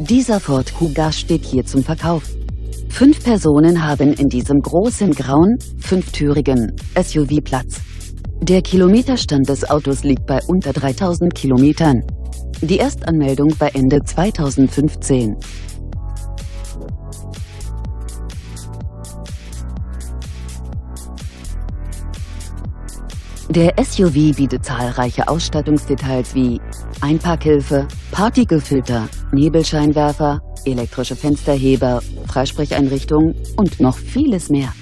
Dieser Ford Kuga steht hier zum Verkauf. Fünf Personen haben in diesem großen grauen, fünftürigen SUV Platz. Der Kilometerstand des Autos liegt bei unter 3000 Kilometern. Die Erstanmeldung war Ende 2015. Der SUV bietet zahlreiche Ausstattungsdetails wie Einparkhilfe, Partikelfilter, Nebelscheinwerfer, elektrische Fensterheber, Freisprecheinrichtung und noch vieles mehr.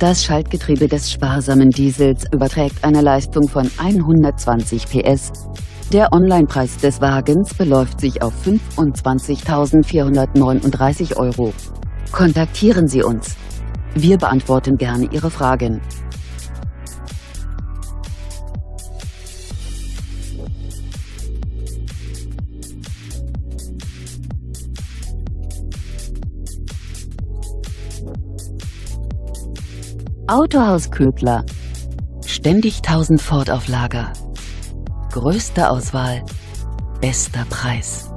Das Schaltgetriebe des sparsamen Diesels überträgt eine Leistung von 120 PS der Onlinepreis des Wagens beläuft sich auf 25.439 Euro. Kontaktieren Sie uns. Wir beantworten gerne Ihre Fragen. Autohaus Ködler. Ständig 1000 Ford auf Lager. Größte Auswahl, bester Preis.